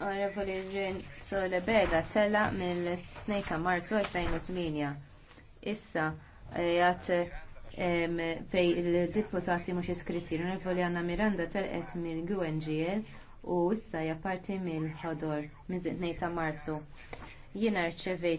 Onorevoli Ġen Solebeda tella mill-2 ta' Marzu 2008. Issa eh, jgħat fej il-deputati mhux iskritti. Revoli Anna Miranda telqet mill-GUNGL u issa hija parti mill-ħodor minn 2 ta' Marzu. Jiena rċevejt